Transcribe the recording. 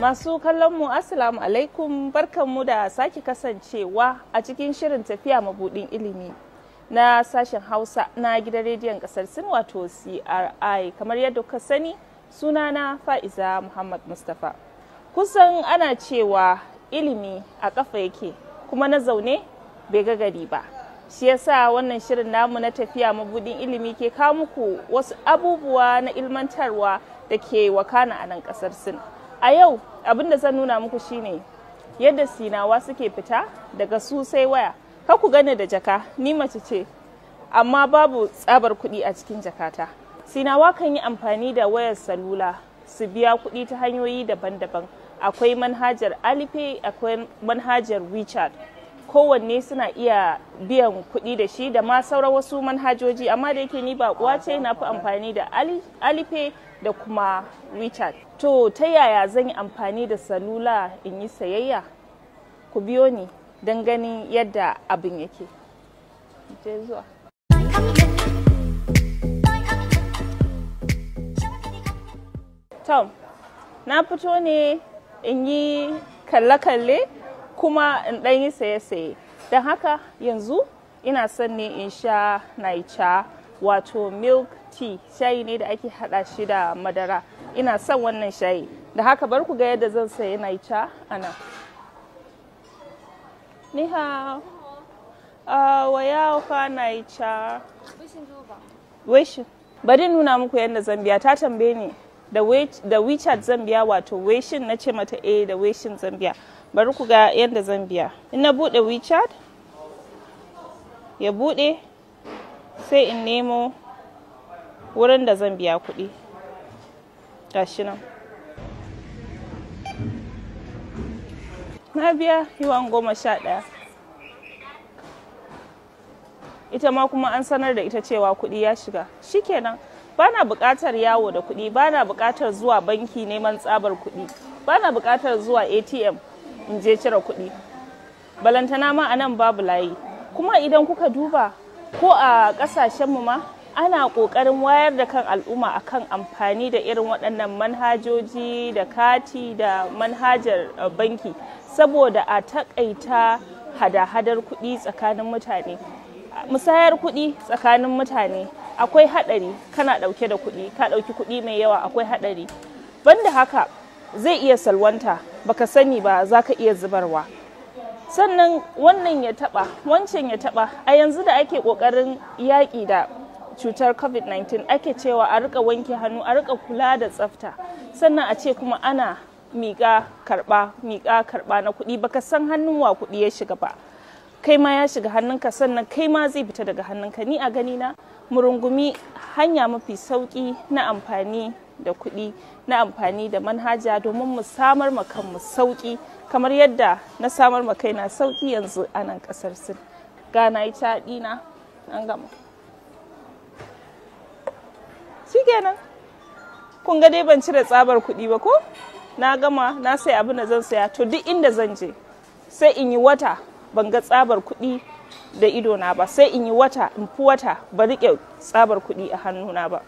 Masu kallon mu Assalamu alaikum mu da sake kasancewa a cikin shirin tafiya mabudin ilimi na sashen Hausa na gidan rediyon kasar Sin wato CRI kamar yadda kuka sani na Fa'iza Muhammad Mustapha. Kusan ana cewa ilimi a kafa yake kuma na zaune bai ga gari ba. Shi yasa wannan shirin namu na tafiya mabudin ilimi ke kawo muku wasu abubuwa na ilmantarwa da ke wakana a nan kasar Sin. a yau abin da zan nuna muku shine yadda sinawa suke fita daga su sai waya ka ku gane da jaka ni mace ce amma babu tsabar kuɗi a cikin jakata sinawa kan yi amfani da wayar salula su biya kuɗi ta hanyoyi daban-daban akwai manhajar alife akwai manhajar wechat kowanne suna iya biyan kuɗi da shi da ma sauran wasu manhajoji amma da yake ni bakuwa ce na fi amfani da alife da kuma wechat to ta yaya zan yi amfani da salula in yi sayayya ku biyo ni don ganin yadda abin yake tom na fito ne in yi kalle-kalle kuma in ɗan yi saye-saye don haka yanzu ina son ne in sha naicha wato milk tea shayi ne da ake hada shi da madara ina son wannan shayi da haka bar ku ga yadda zan sayi naicha a nan ni waya ka naicha bari nuna muku yadda zan biya ta tambaye ni da WeChat Zambia wato Weshin na ce mata a da Weshin Zambia bari ku ga yadda Zambia in na bude WeChat ya bude sai in nemo wurin da zan biya kuɗi gashi nan na biya yawan goma sha ɗaya ita ma kuma an sanar da ita cewa kuɗi ya shiga shikenan bana buƙatar yawo da kuɗi bana buƙatar zuwa banki neman tsabar kuɗi bana buƙatar zuwa atm in je cire kuɗi balantana ma a nan babu layi kuma idan kuka duba ko a ƙasashenmu ma ana ƙoƙarin wayar da kan al'umma akan amfani da irin waɗannan manhajoji da kati da manhajar eh, banki saboda a taƙaita hada-hadar kuɗi tsakanin mutane musayar kuɗi tsakanin mutane akwai haɗari kana ɗauke da kuɗi ka ɗauki kuɗi mai yawa akwai haɗari banda haka zai iya salwanta baka sani ba za ka iya zubarwa sannan wannan ya taɓa wancan ya taɓa a yanzu da ake ƙoƙarin yaƙi da cutar covid-19 ake cewa a rika wanke hannu a rika kula da tsafta sannan a ce kuma ana miƙa karɓa miƙa karɓa na kuɗi baka san hannun wa kuɗi ya shiga ba kai ma ya shiga hannunka sannan kai ma zai fita daga hannunka ni a gani na mu rungumi hanya mafi sauki na amfani da kuɗi na amfani da manhaja domin mu samar ma kanmu sauki kamar yadda na samar ma kaina sauki yanzu a nan ƙasar sin gana caɗi ɗina an gama shikenan kun ga dai ban cire tsabar kuɗi ba ko na gama na sai abin da zan saya to duk inda zan je sai in yi wata ban ga tsabar kuɗi da idona ba sai in yi wata in fi wata ba riƙe tsabar kuɗi a hannuna ba